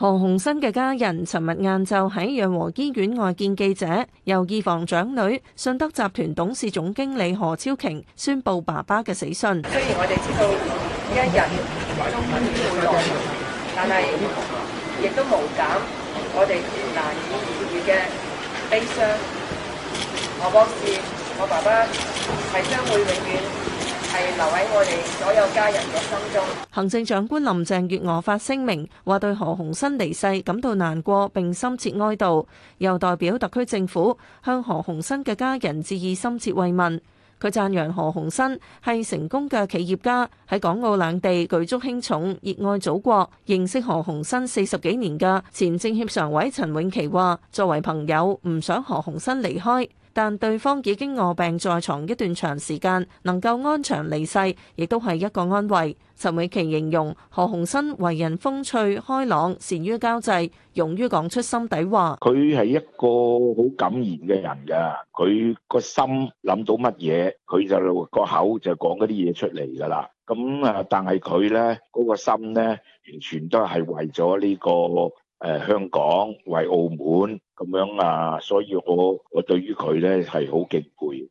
何鴻燊嘅家人尋日晏晝喺養和醫院外見記者，由二房長女信德集團董事總經理何超瓊宣布爸爸嘅死訊。雖然我哋知道呢一日終歸會過，但係亦都無減我哋難以言喻嘅悲傷。我幫住我爸爸，係將會永遠。係留喺我哋所有家人嘅心中。行政長官林鄭月娥發聲明，話對何鴻燊離世感到難過，並深切哀悼，又代表特區政府向何鴻燊嘅家人致以深切慰問。佢讚揚何鴻燊係成功嘅企業家，喺港澳兩地舉足輕重，熱愛祖國。認識何鴻燊四十幾年嘅前政協常委陳永琪話，作為朋友，唔想何鴻燊離開。但對方已經卧病在牀一段長時間，能夠安詳離世，亦都係一個安慰。陳美琪形容何鴻燊為人風趣開朗，善於交際，勇於講出心底話。佢係一個好敢言嘅人㗎，佢個心諗到乜嘢，佢就個口就講嗰啲嘢出嚟㗎啦。咁啊，但係佢咧嗰個心咧，完全都係為咗呢個。誒、呃，香港為澳門咁樣啊，所以我我對於佢呢係好敬佩。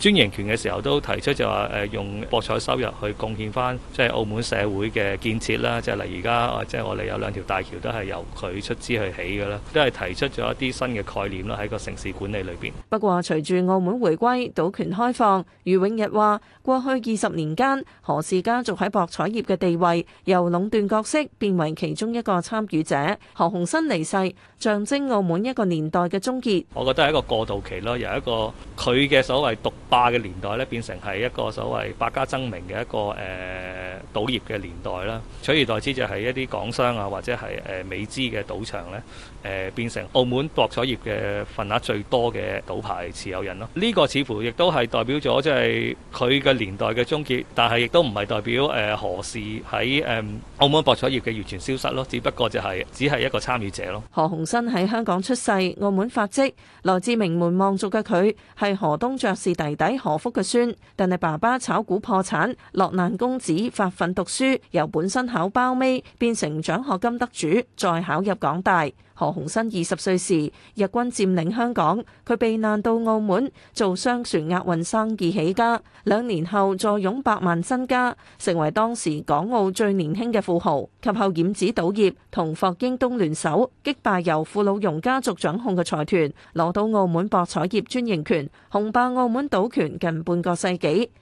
專營權嘅時候都提出就話誒用博彩收入去貢獻翻即係澳門社會嘅建設啦，即係例如而家即係我哋有兩條大橋都係由佢出資去起嘅啦。都係提出咗一啲新嘅概念啦喺個城市管理裏邊。不過隨住澳門回歸、賭權開放，余永逸話：過去二十年間，何氏家族喺博彩業嘅地位由壟斷角色變為其中一個參與者。何鴻燊離世，象徵澳門一個年代嘅終結。我覺得係一個過渡期咯，由一個佢嘅所謂獨霸嘅年代咧，變成係一個所謂百家爭鳴嘅一個誒，呃賭業嘅年代啦，取而代之就係一啲港商啊，或者係誒美資嘅賭場咧，誒、呃、變成澳門博彩業嘅份額最多嘅賭牌持有人咯。呢、這個似乎亦都係代表咗即係佢嘅年代嘅終結，但係亦都唔係代表誒何氏喺誒澳門博彩業嘅完全消失咯，只不過就係只係一個參與者咯。何鴻燊喺香港出世，澳門發跡，來自名門望族嘅佢係何東爵士弟弟何福嘅孫，但係爸爸炒股破產，落難公子發。份讀書，由本身考包尾變成獎學金得主，再考入港大。何鴻燊二十歲時，日軍佔領香港，佢避難到澳門做商船押運生意起家。兩年後，坐擁百萬身家，成為當時港澳最年輕嘅富豪。及後染指賭業，同霍英東聯手擊敗由傅老榕家族掌控嘅財團，攞到澳門博彩業專營權，雄霸澳門賭權近半個世紀。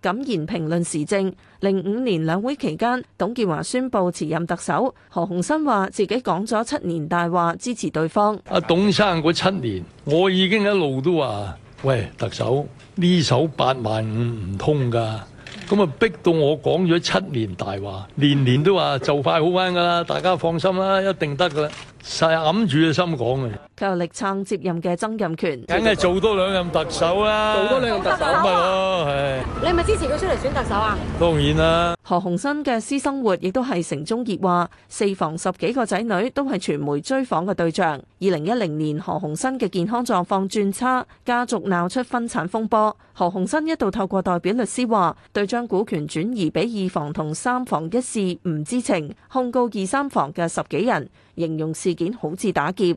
敢言評論時政，零五年兩會期間，董建華宣布辭任特首。何鴻燊話自己講咗七年大話，支持對方。阿董生嗰七年，我已經一路都話，喂，特首呢首八萬五唔通㗎，咁啊逼到我講咗七年大話，年年都話就快好翻㗎啦，大家放心啦，一定得㗎啦，成日揞住個心講嘅。佢又力撐接任嘅曾蔭權，梗係做多兩任特首啦，做多兩任特首咪你係咪支持佢出嚟選特首啊？當然啦。何鴻燊嘅私生活亦都係城中熱話，四房十幾個仔女都係傳媒追訪嘅對象。二零一零年何鴻燊嘅健康狀況轉差，家族鬧出分產風波。何鴻燊一度透過代表律師話，對將股權轉移俾二房同三房一事唔知情，控告二三房嘅十幾人，形容事件好似打劫。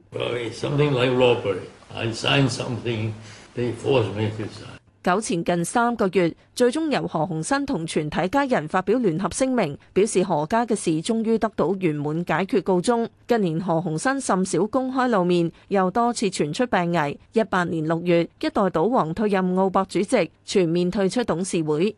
糾纏近三個月，最終由何鴻燊同全體家人發表聯合聲明，表示何家嘅事終於得到圓滿解決告終。近年何鴻燊甚少公開露面，又多次傳出病危。一八年六月，一代賭王退任澳博主席，全面退出董事會。